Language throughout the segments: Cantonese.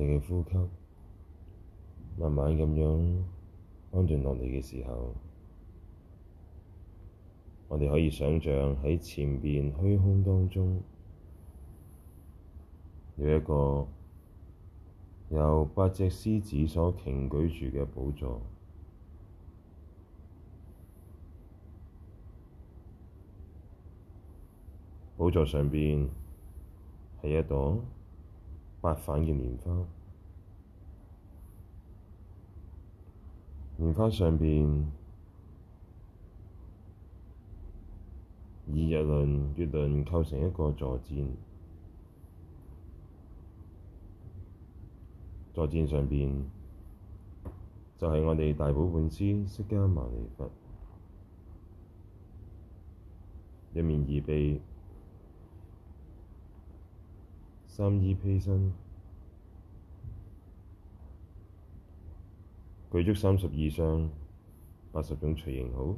你嘅呼吸慢慢咁樣安靜落嚟嘅時候，我哋可以想像喺前邊虛空當中有一個由八隻獅子所擎舉住嘅寶座，寶座上邊係一朵八瓣嘅蓮花，蓮花上邊以日輪、月輪構成一個坐墊，坐墊上邊就係、是、我哋大寶本師釋迦牟尼佛一面二臂。三衣披身，具足三十二相、八十種隨形好。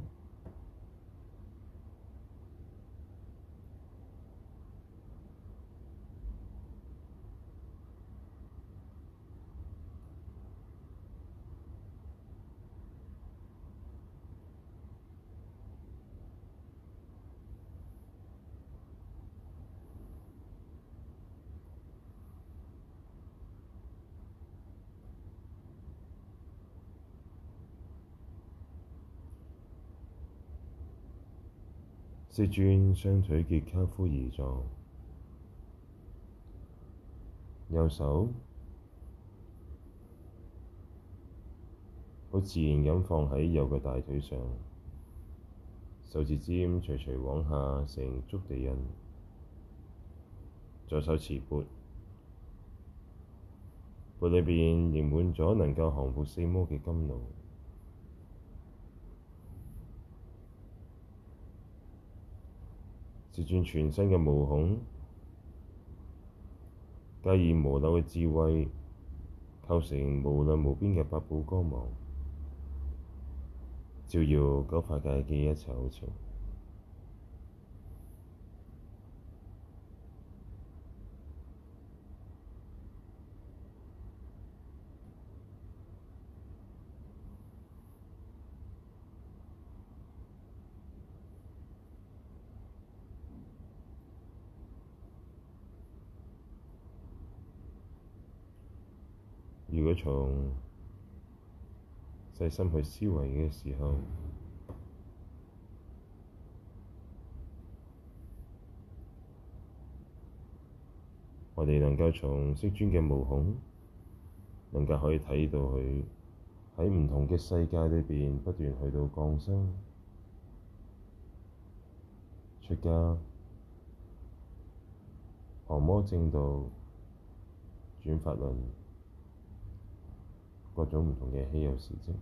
折轉雙腿結跏趺而坐，右手好自然咁放喺右嘅大腿上，手指尖徐徐往下成觸地印。左手持缽，缽裏邊盛滿咗能夠降伏四魔嘅甘露。接轉全身嘅毛孔，加以無漏嘅智慧，構成無量無邊嘅八寶光芒，照耀九法界嘅一切好處。我哋能夠從釋尊嘅毛孔，能夠可以睇到佢喺唔同嘅世界裏邊不斷去到降生、出家、降魔正道、轉法輪。各種唔同嘅稀有時節。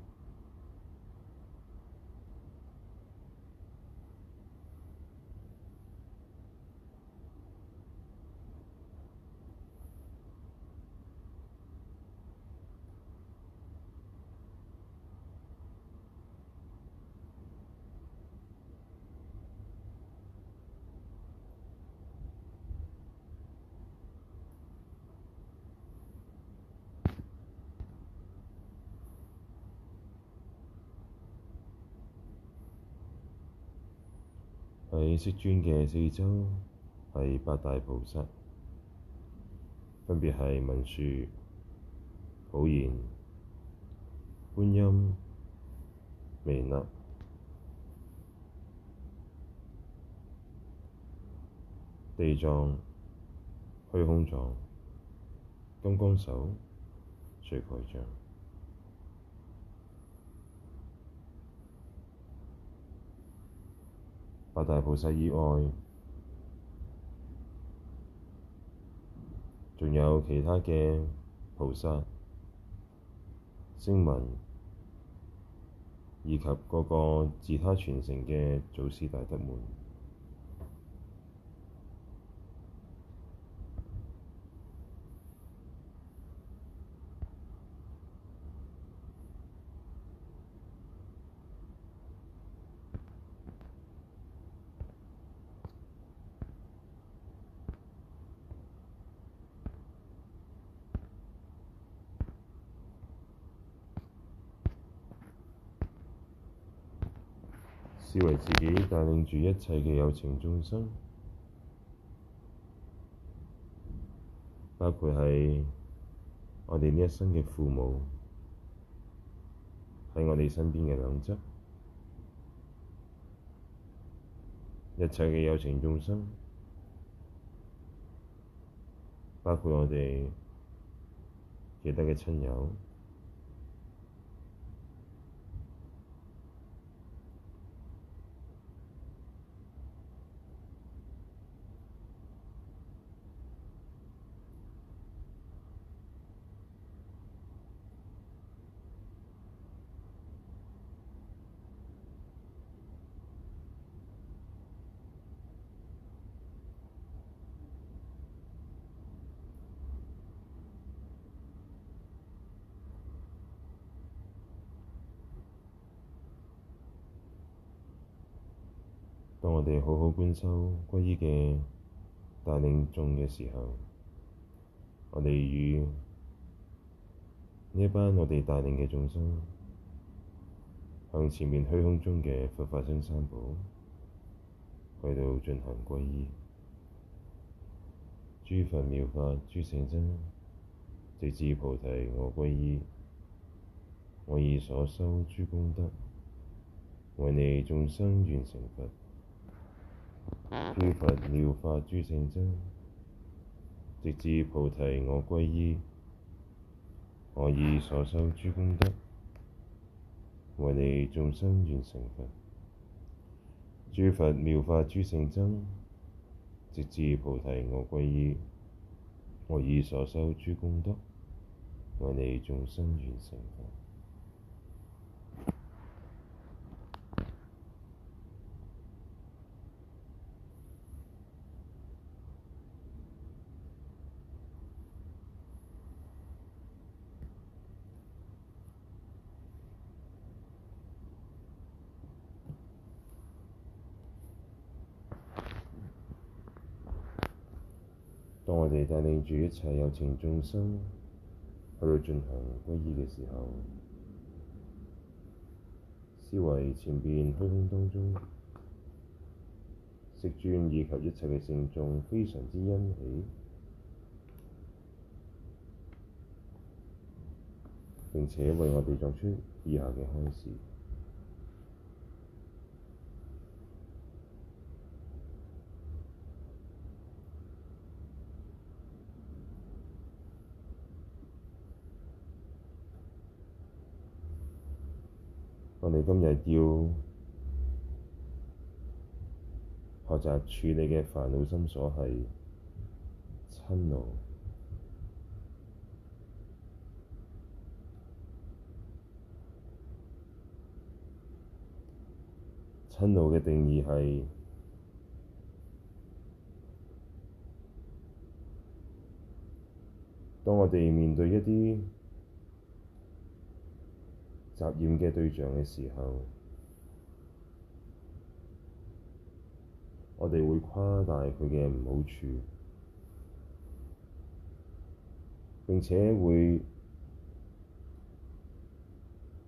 色尊嘅四周係八大菩薩，分別係文殊、普賢、觀音、彌勒、地藏、虛空藏、金剛手、除蓋障。八大菩薩以外，仲有其他嘅菩薩聲聞，以及嗰個自他傳承嘅祖師大德們。視為自己帶領住一切嘅有情眾生，包括係我哋呢一生嘅父母，喺我哋身邊嘅兩側，一切嘅有情眾生，包括我哋其他嘅親友。觀修歸依嘅帶領眾嘅時候，我哋與呢一班我哋帶領嘅眾生，向前面虛空中嘅佛法僧三寶去到進行皈依，諸佛妙法，諸聖僧，直至菩提我皈依，我以所修諸功德為你眾生完成佛。諸佛妙法諸聖僧，直至菩提我歸依。我以所修諸功德，為利眾生願成佛。諸佛妙法諸聖僧，直至菩提我歸依。我以所修諸功德，為利眾生願成佛。帶領住一切有情眾生去到進行皈依嘅時候，思維前邊虛空當中，釋尊以及一切嘅聖眾非常之欣喜，並且為我哋作出以下嘅開示。我哋今日要學習處理嘅煩惱心所係嗔怒。嗔怒嘅定義係當我哋面對一啲責厭嘅對象嘅時候，我哋會誇大佢嘅唔好處，並且會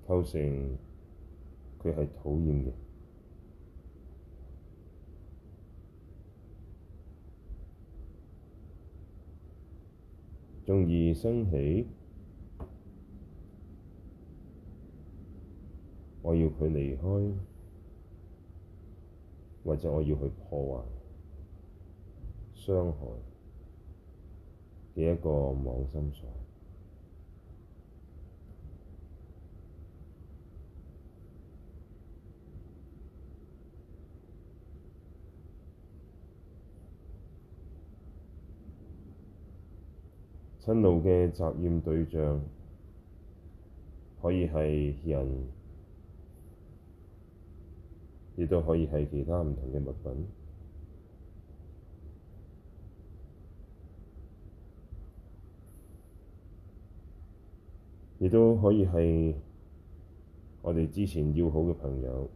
構成佢係討厭嘅，仲易生起。我要佢離開，或者我要佢破壞、傷害嘅一個妄心所。嗔怒嘅責怨對象可以係人。亦都可以係其他唔同嘅物品，亦都可以係我哋之前要好嘅朋友。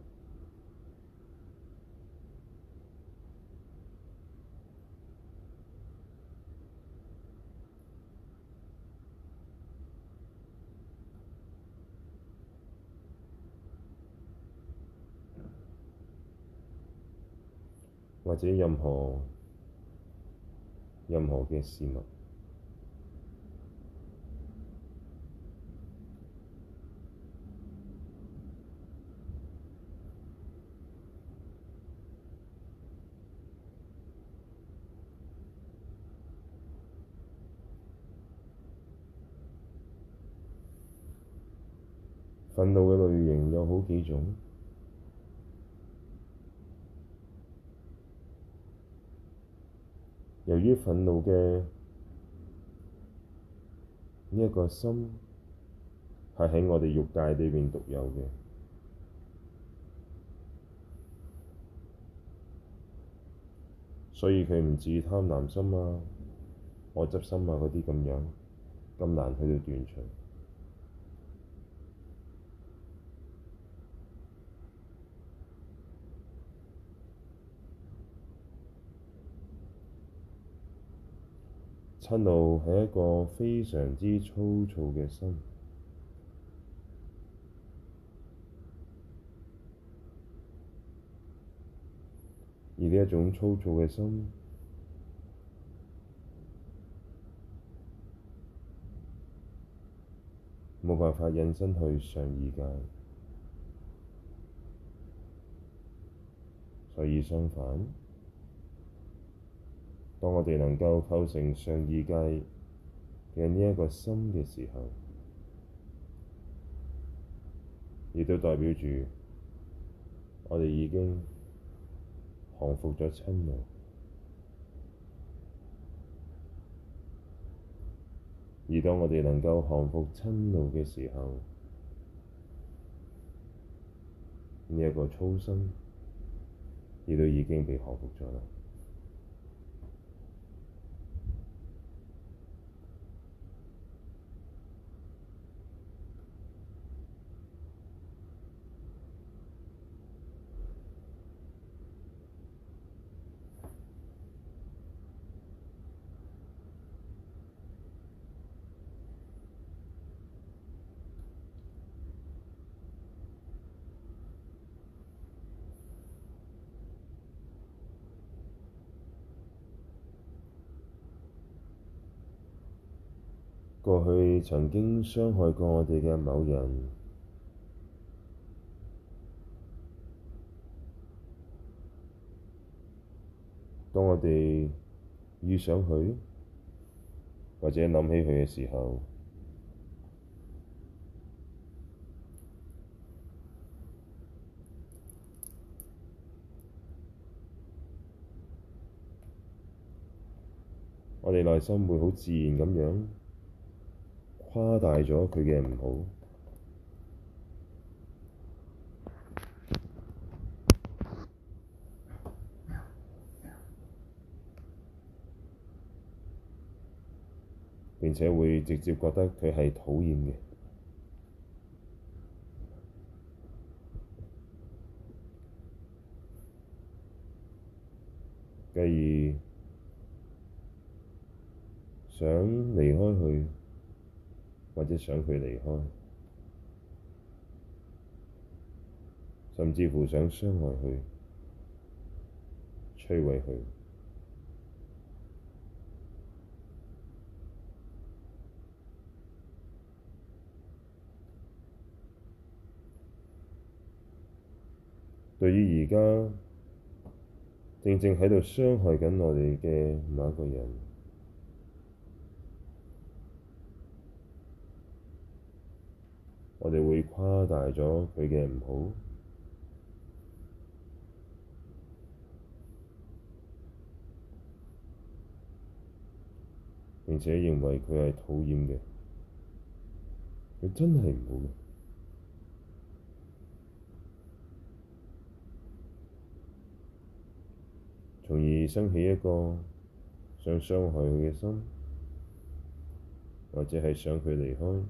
或者任何任何嘅事物，憤怒嘅類型有好幾種。由於憤怒嘅呢一個心係喺我哋欲界裏邊獨有嘅，所以佢唔至於貪婪心啊、愛執心啊嗰啲咁樣咁難去到斷除。嗔怒係一個非常之粗糙嘅心，而呢一種粗糙嘅心冇辦法引申去上二界，所以相反。當我哋能夠構成上二界嘅呢一個心嘅時候，亦都代表住我哋已經降服咗嗔怒。而當我哋能夠降服嗔怒嘅時候，呢一個粗心亦都已經被降服咗啦。曾經傷害過我哋嘅某人，當我哋遇上佢，或者諗起佢嘅時候，我哋內心會好自然咁樣，誇大咗佢嘅唔好，並且會直接覺得佢係討厭嘅，繼而想離開佢。或者想佢離開，甚至乎想傷害佢、摧毀佢。對於而家正正喺度傷害緊我哋嘅某一個人。我哋會誇大咗佢嘅唔好，並且認為佢係討厭嘅，佢真係唔好，從而生起一個想傷害佢嘅心，或者係想佢離開。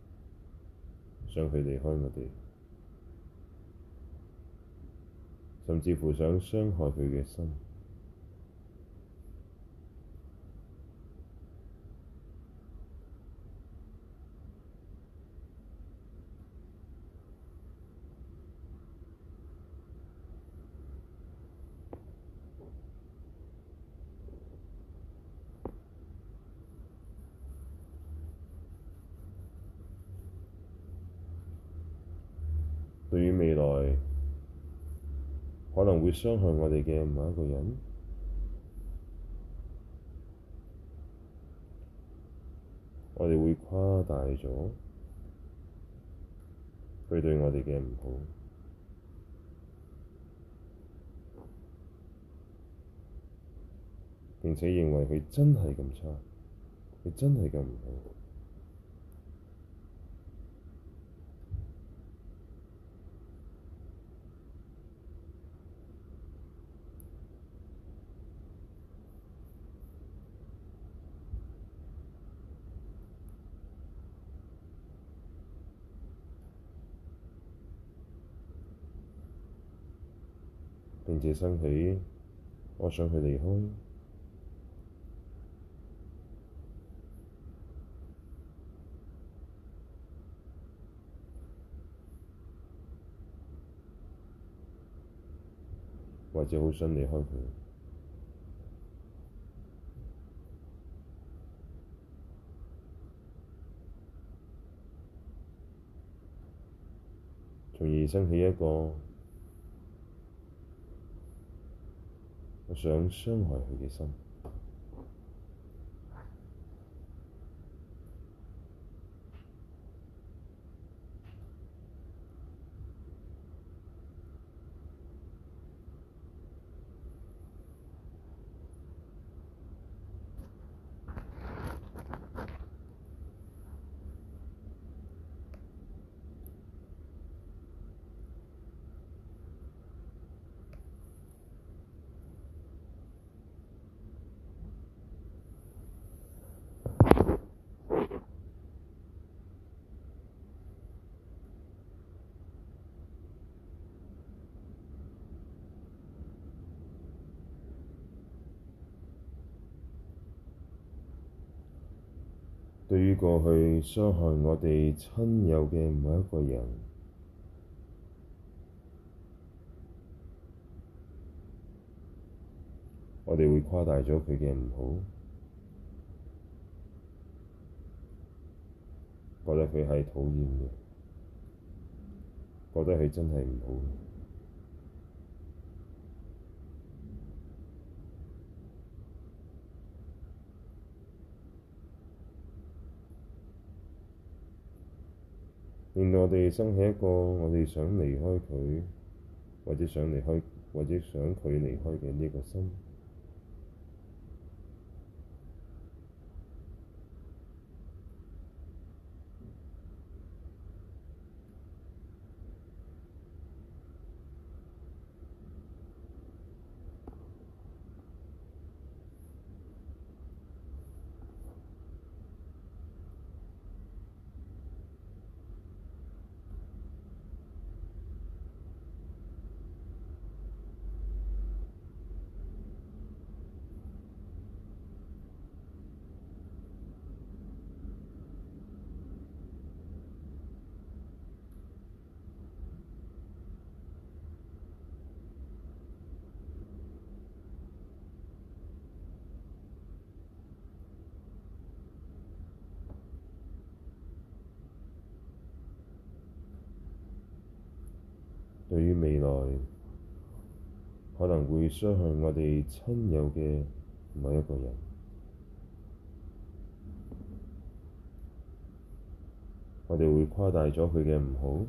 想佢離開我哋，甚至乎想傷害佢嘅心。會傷害我哋嘅某一個人，我哋會誇大咗佢對我哋嘅唔好，並且認為佢真係咁差，佢真係咁唔好。或者好想離開佢，從而升起一個想傷害佢嘅心。過去傷害我哋親友嘅每一個人，我哋會誇大咗佢嘅唔好，覺得佢係討厭嘅，覺得佢真係唔好。令我哋生起一個我哋想離開佢，或者想離開，或者想佢離開嘅呢個心。對於未來可能會傷害我哋親友嘅某一個人，我哋會誇大咗佢嘅唔好，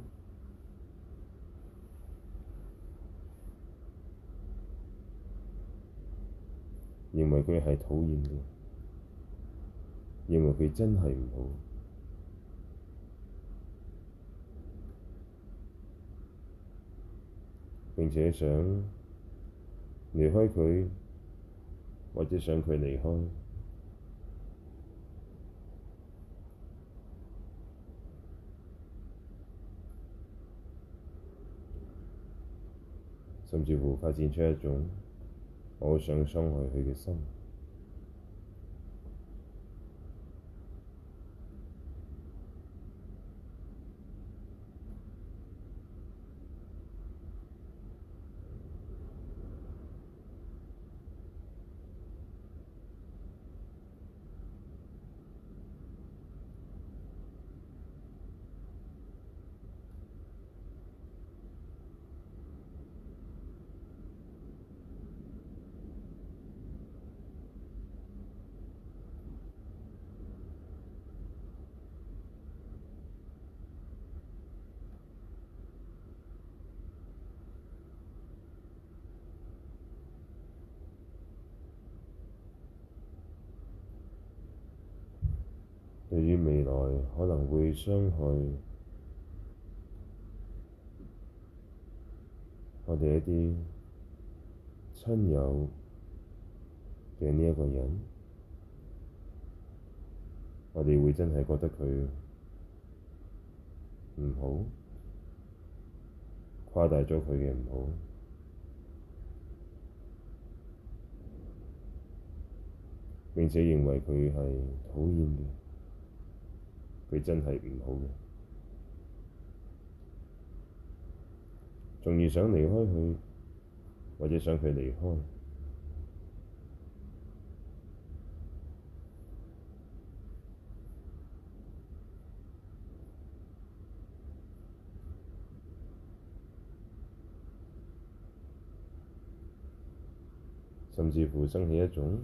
認為佢係討厭嘅，認為佢真係唔好。並且想離開佢，或者想佢離開，甚至乎發展出一種我想傷害佢嘅心。可能會傷害我哋一啲親友嘅呢一個人，我哋會真係覺得佢唔好，誇大咗佢嘅唔好，並且認為佢係討厭嘅。佢真係唔好嘅，仲要想離開佢，或者想佢離開，甚至乎生起一種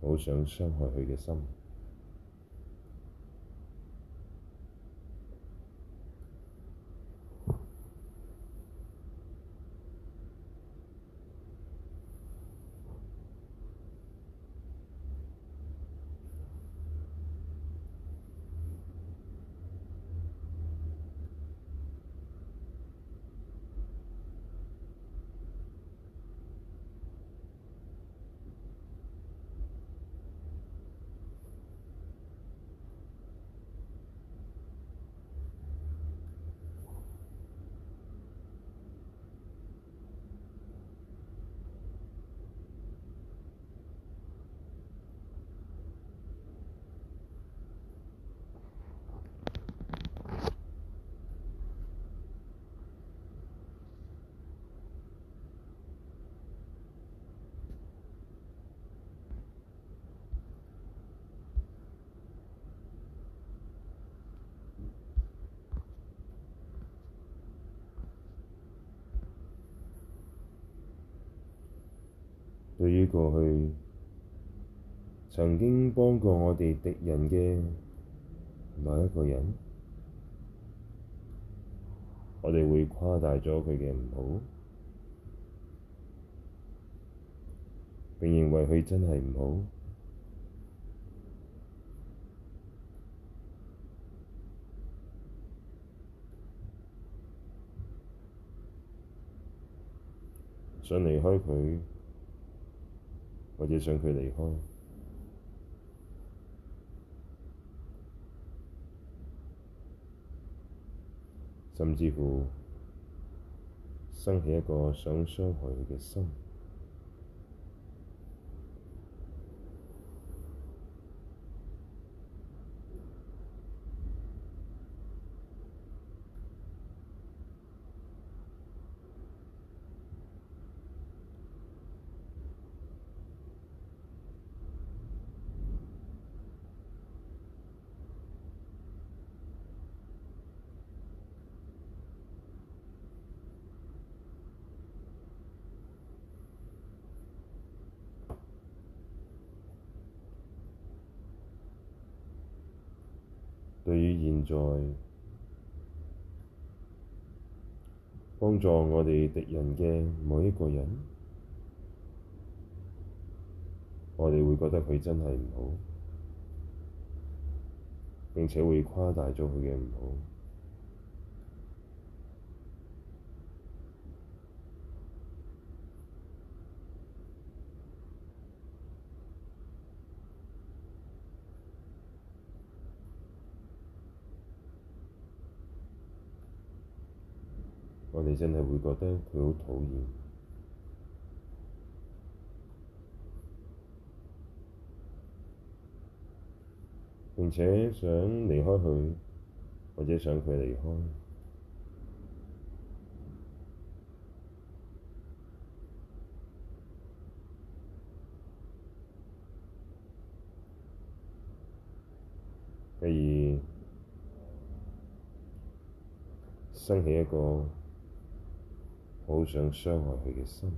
好想傷害佢嘅心。過去曾經幫過我哋敵人嘅某一個人，我哋會誇大咗佢嘅唔好，並認為佢真係唔好，想離開佢。或者想佢離開，甚至乎生起一個想傷害佢嘅心。在幫助我哋敵人嘅每一個人，我哋會覺得佢真係唔好，並且會誇大咗佢嘅唔好。真係會覺得佢好討厭，並且想離開佢，或者想佢離開，繼而生起一個。好想傷害佢嘅心。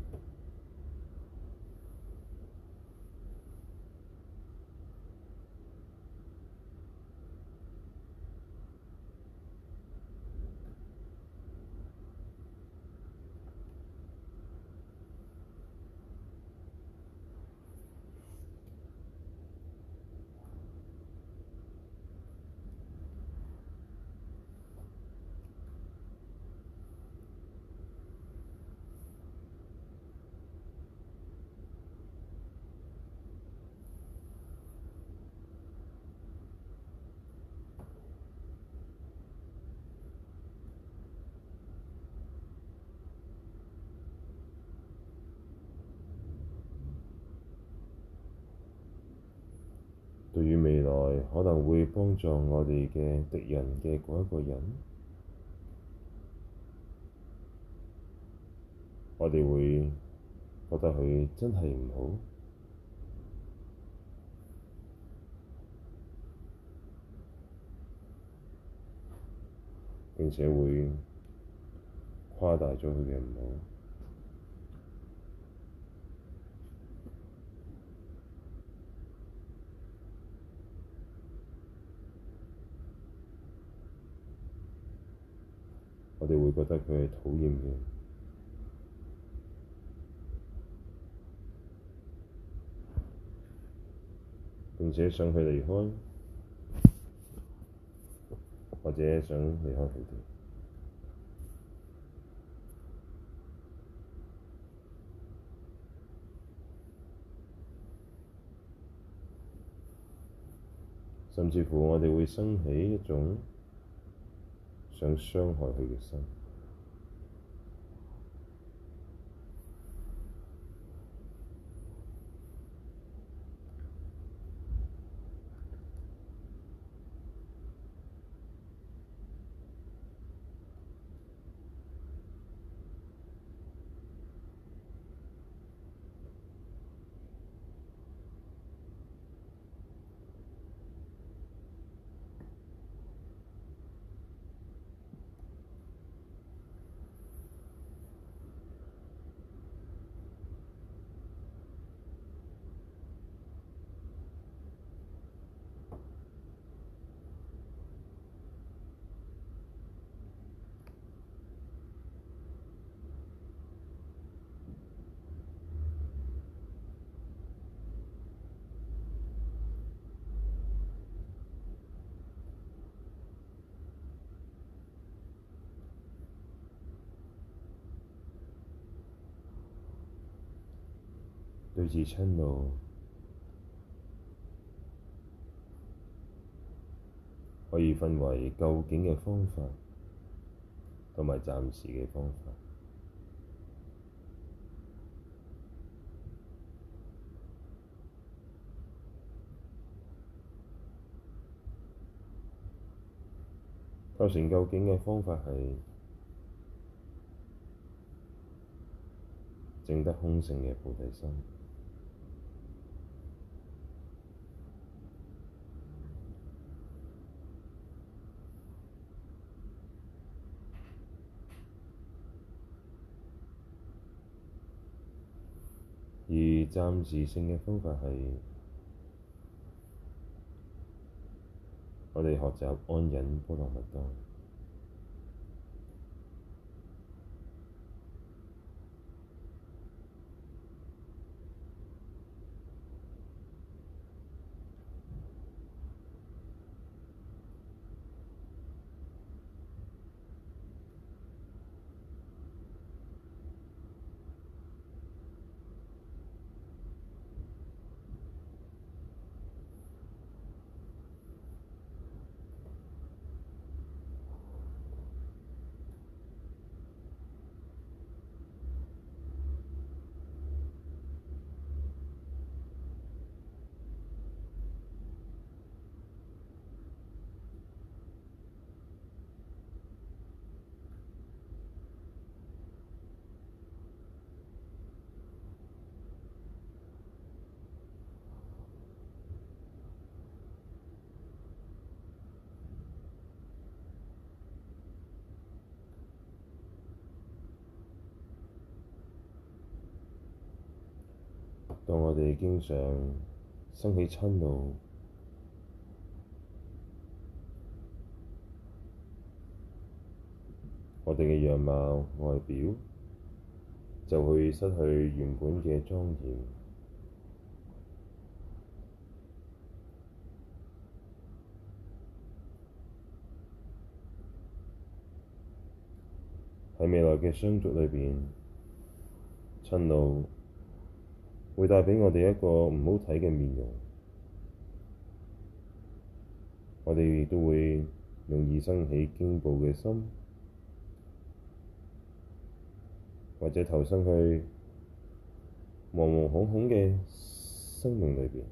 幫助我哋嘅敵人嘅嗰一個人，我哋會覺得佢真係唔好，並且會誇大咗佢嘅唔好。我哋會覺得佢係討厭嘅，並且想佢離開，或者想離開佢哋，甚至乎我哋會生起一種。想傷害佢嘅心。對治嗔怒可以分為究竟嘅方法同埋暫時嘅方法。構成究竟嘅方法係證得空性嘅菩提心。暫時性嘅方法係，我哋學習安忍波羅蜜多。當我哋經常生起嗔怒，我哋嘅樣貌外表就會失去原本嘅莊嚴。喺未來嘅相續裏邊，嗔怒，會帶畀我哋一個唔好睇嘅面容，我哋亦都會容易生起驚怖嘅心，或者投身去惶惶恐恐嘅生命裏邊。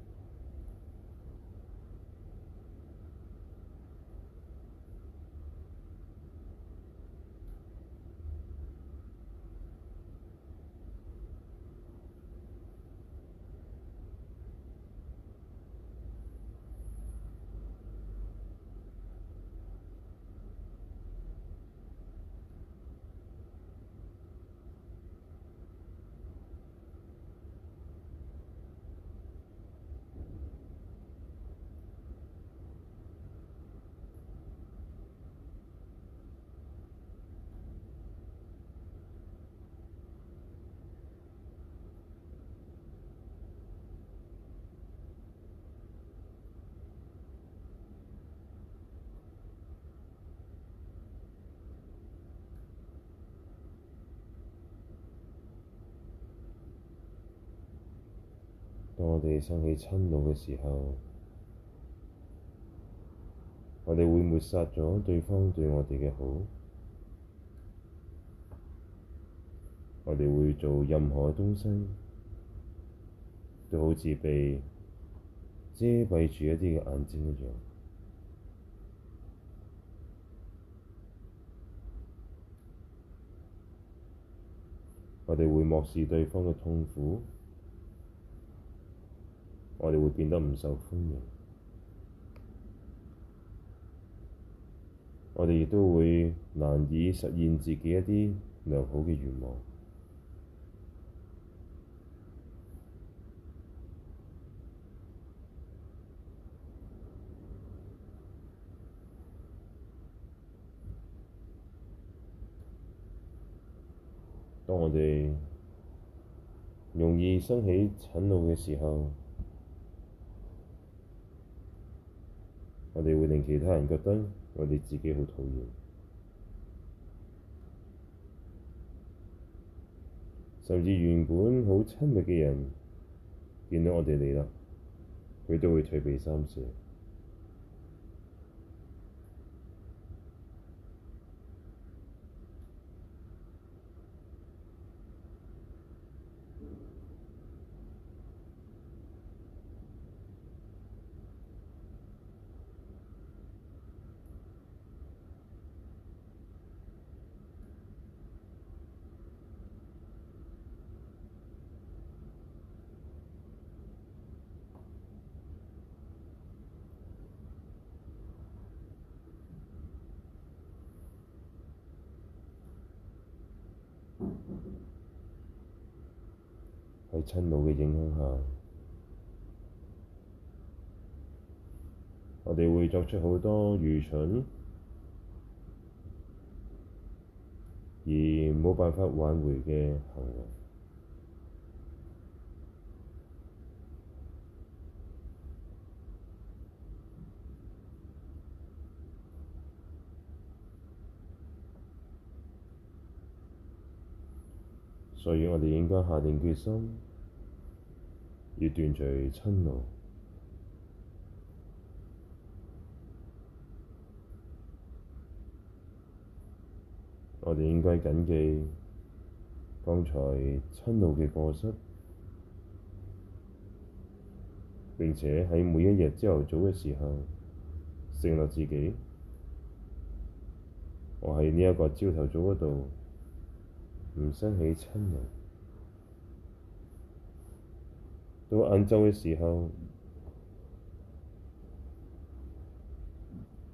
當我哋生起嗔怒嘅時候，我哋會抹殺咗對方對我哋嘅好，我哋會做任何嘅東西，都好似被遮蔽住一啲嘅眼睛一樣，我哋會漠視對方嘅痛苦。我哋會變得唔受歡迎，我哋亦都會難以實現自己一啲良好嘅願望。當我哋容易生起嗔怒嘅時候，我哋會令其他人覺得我哋自己好討厭，甚至原本好親密嘅人，見到我哋嚟啦，佢都會退避三舍。嗔怒嘅影響下，我哋會作出好多愚蠢而冇辦法挽回嘅行為，所以我哋應該下定決心。要斷除嗔怒，我哋應該緊記剛才嗔怒嘅過失，並且喺每一日朝頭早嘅時候，承諾自己：我喺呢一個朝頭早嗰度唔生起嗔怒。到晏晝嘅時候，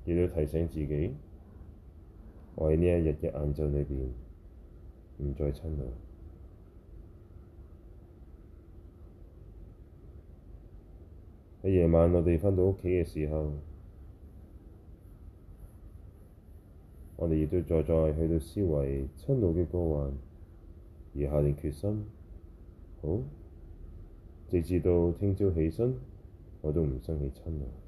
亦都提醒自己，我喺呢一日嘅晏晝裏邊，唔再嗔怒。喺夜晚，我哋返到屋企嘅時候，我哋亦都再再去到思維嗔怒嘅過患，而下定決心，好。直至到聽朝起身，我都唔生氣親。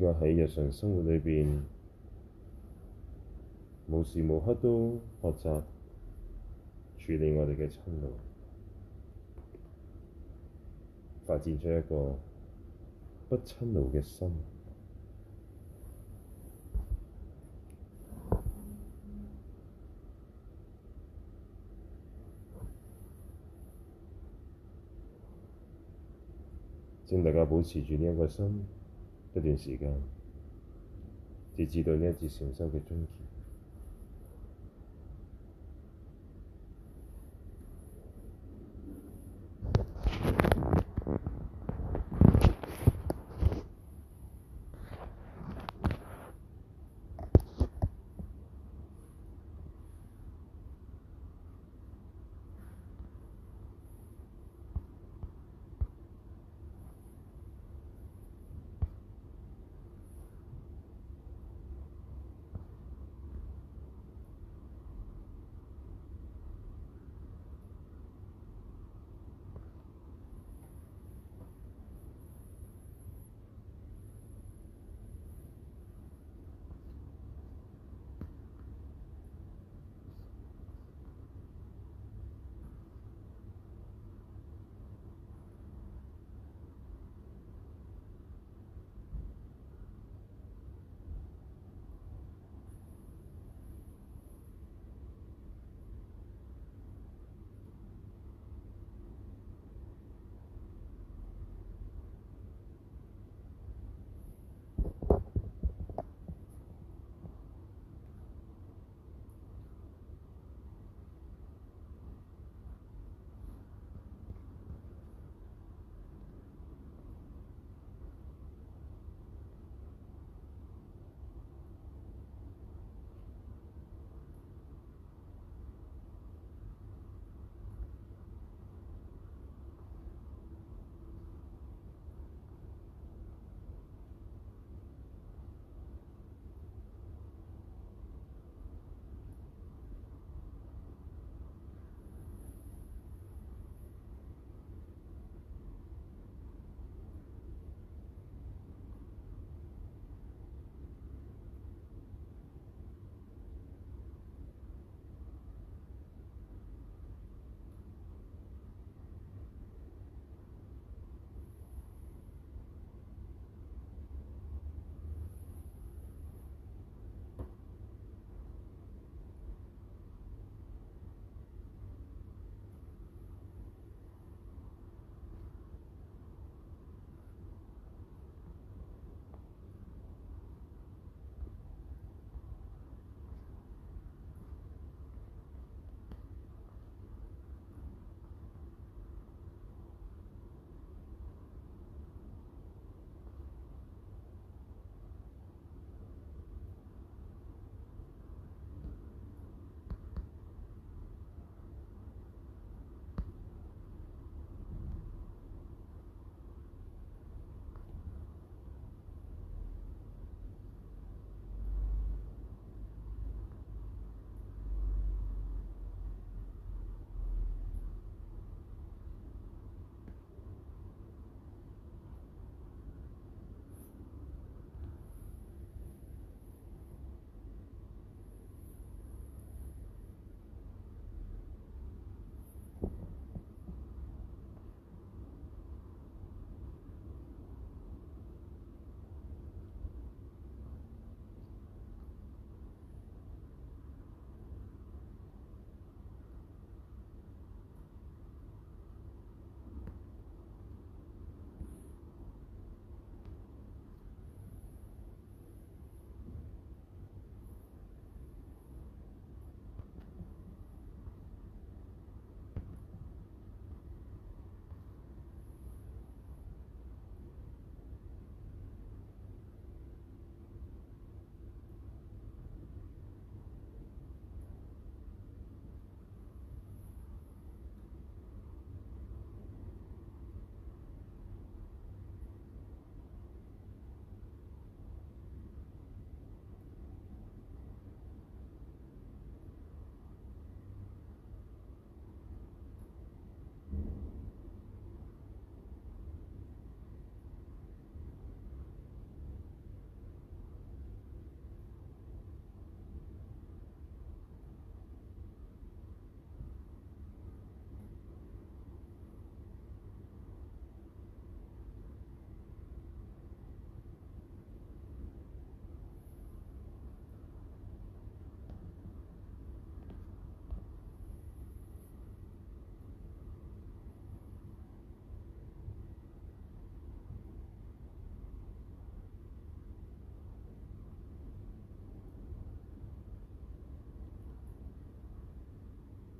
應該喺日常生活裏邊，無時無刻都學習處理我哋嘅嗔怒，發展出一個不嗔怒嘅心。請大家保持住呢一個心。一段時間，直至呢一次禪修嘅終結。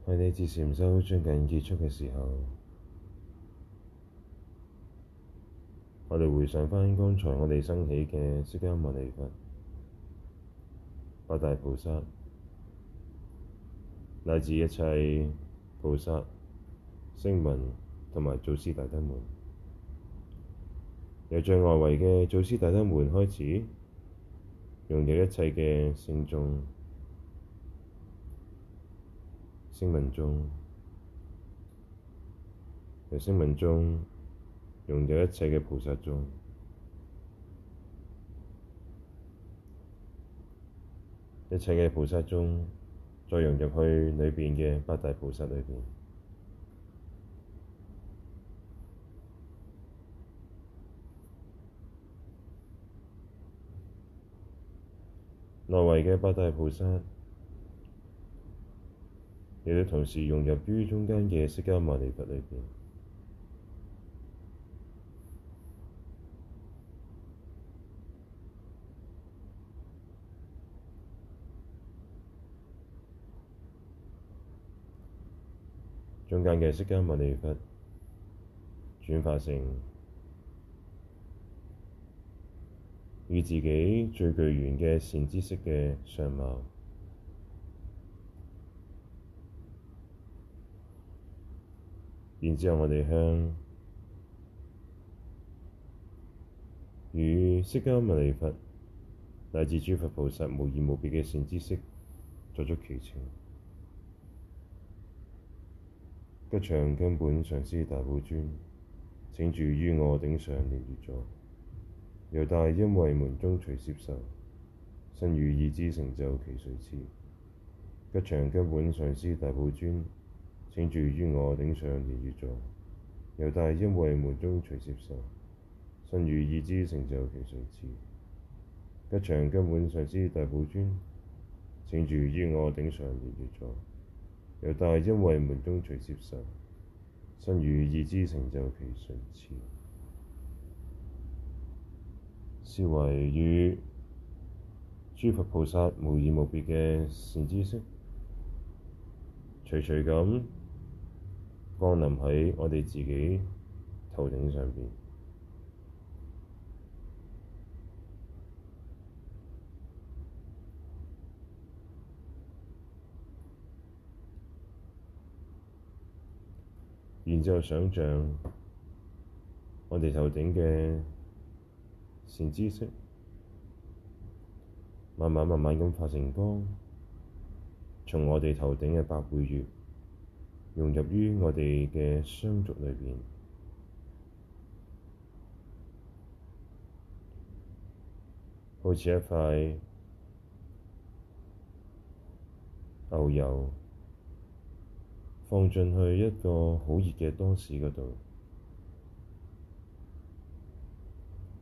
喺呢節禪修最近結束嘅時候，我哋回想返剛才我哋生起嘅釋迦牟尼佛、八大菩薩、乃至一切菩薩聲聞同埋祖師大德們，由最外圍嘅祖師大德們開始，融入一切嘅聖眾。聲聞中，由聲聞中融入一切嘅菩薩中，一切嘅菩薩中再融入去裏面嘅八大菩薩裏面，內圍嘅八大菩薩。亦都同時融入於中間嘅色膠瑪利弗裏邊，中間嘅色膠瑪利弗轉化成與自己最具緣嘅善知識嘅相貌。然之後，我哋向與釋迦牟尼佛乃至諸佛菩薩無二無別嘅善知識作咗祈請。吉祥根本上師大寶尊，請住於我頂上蓮月座。由大因位門中隨攝受，身語意之成就其誰賜？吉祥根本上師大寶尊。請住於我頂上蓮月座，以大恩慈門中隨攝受，身語意之成就其殊次。吉祥根本上師大寶尊，請住於我頂上蓮月座，以大恩慈門中隨攝受，身語意之成就其殊次。是為與諸佛菩薩無二無別嘅善知識，隨隨咁，光臨喺我哋自己頭頂上邊，然之後想像我哋頭頂嘅善知識，慢慢慢慢咁發成光，從我哋頭頂嘅百會穴。融入於我哋嘅商族裏邊，好似一塊牛油，放進去一個好熱嘅多士嗰度，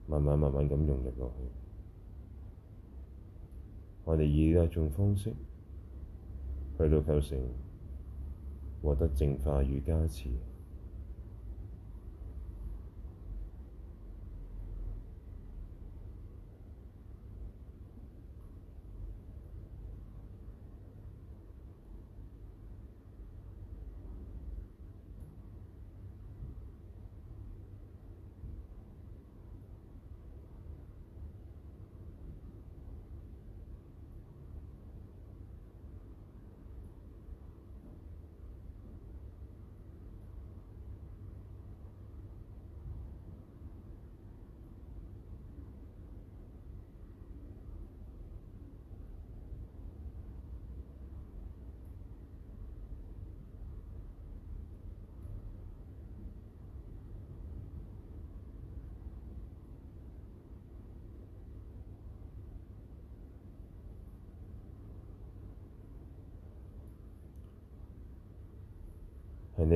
慢慢慢慢咁融入落去。我哋以一種方式去到構成。獲得淨化與加持。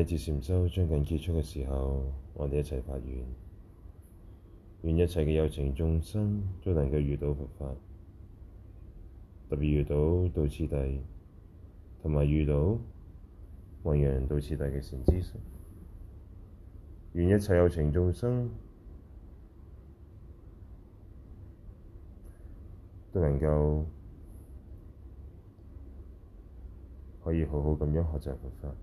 一節禪修將近結束嘅時候，我哋一齊發願，願一切嘅有情眾生都能夠遇到佛法，特別遇到道次第，同埋遇到弘揚道次第嘅善知識，願一切有情眾生都能夠可以好好咁樣學習佛法。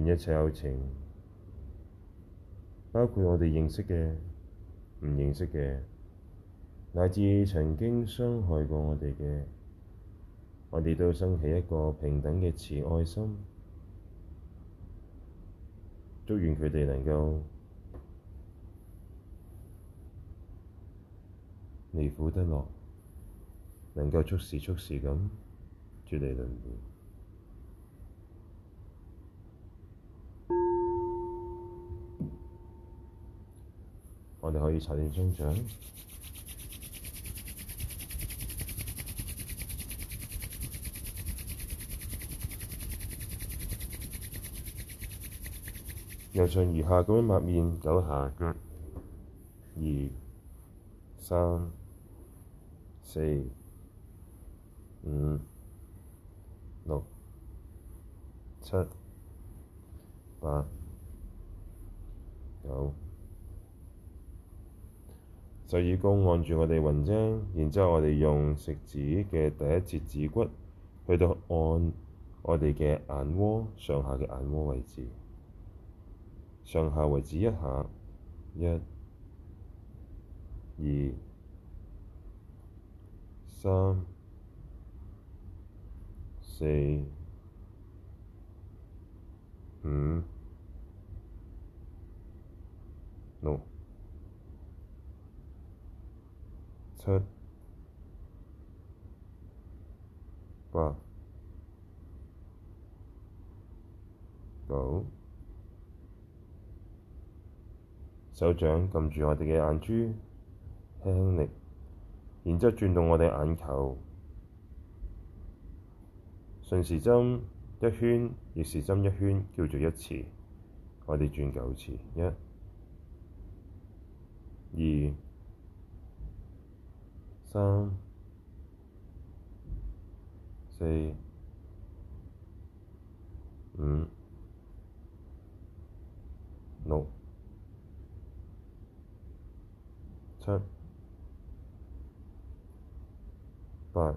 願一切有情，包括我哋認識嘅、唔認識嘅，乃至曾經傷害過我哋嘅，我哋都生起一個平等嘅慈愛心，祝願佢哋能夠離苦得樂，能夠速時速時咁絕離輪迴。你可以查點中獎。由上而下咁樣抹面，走下腳，二、三、四、五、六、七、八、九。手指公按住我哋雲章，然之後我哋用食指嘅第一節指骨去到按我哋嘅眼窩上下嘅眼窩位置，上下位置一下，一、二、三、四、五、六。七、八、九，手掌撳住我哋嘅眼珠，輕輕力，然之後轉動我哋眼球，順時針一圈，逆時針一圈，叫做一次，我哋轉九次，一、二。三、四、五、六、七、八、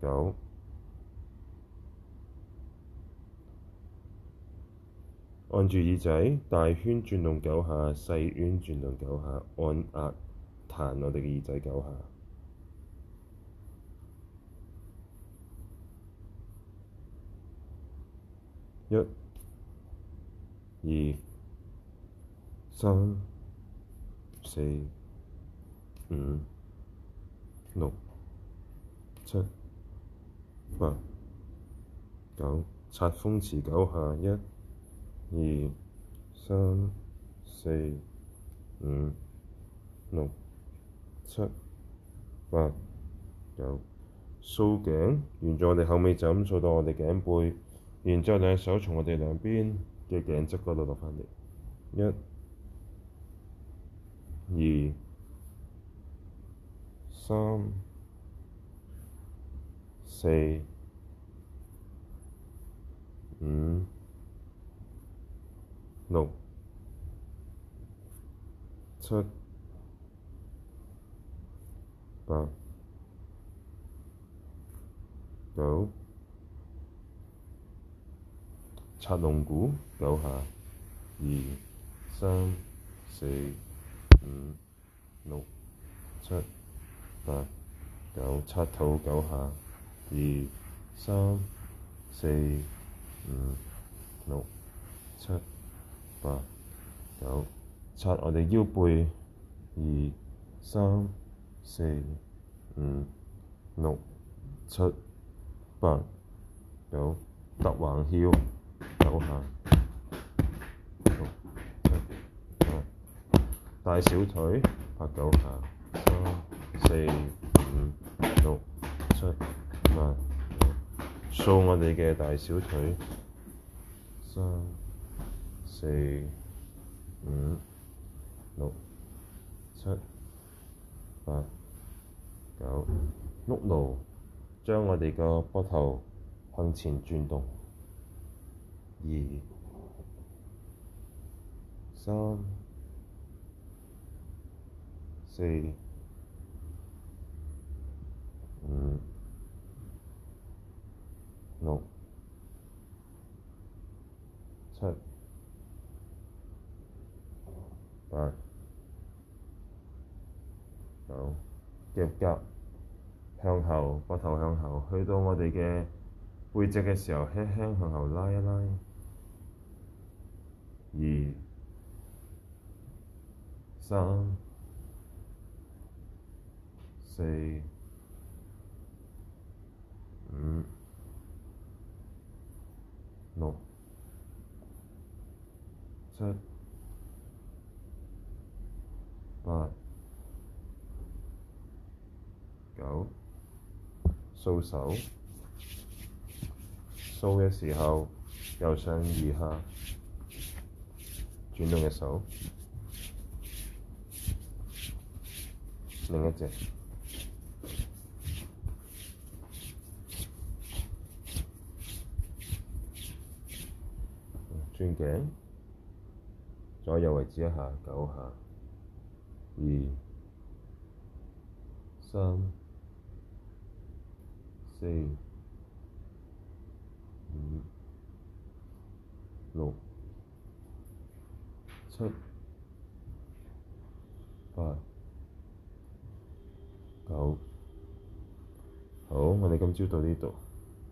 九，按住耳仔，大圈轉動九下，細圈轉動九下，按壓。彈我哋嘅耳仔九下，一、二、三、四、五、六、七、八、九，擦風池九下，一、二、三、四、五、六，七、八、九，掃頸，然之後我哋後尾就咁掃到我哋頸背，然之後兩手從我哋兩邊嘅頸側嗰度落返嚟，一、二、三、四、五、六、七。八九，擦龍骨九下，二三四五六七八九，擦頭九下，二三四五六七八九，擦我哋腰背，二三。四、五、六、七、八、九，踏橫跳，九下。六、七、八，大小腿，八九下。三、四、五、六、七、八，數我哋嘅大小腿。三、四、五、六、七、八。九，碌路，將我哋個膊頭向前轉動，二、三、四、五、六、七、八、九。腳夾向後，膊頭向後，去到我哋嘅背脊嘅時候，輕輕向後拉一拉。二、三、四、五、六、七、八。九，掃手，掃嘅時候由上而下，轉動隻手，另一隻，轉頸，左右位置一下，九下，二，三。四、五、六、七、八、九，好，我哋今朝到呢度。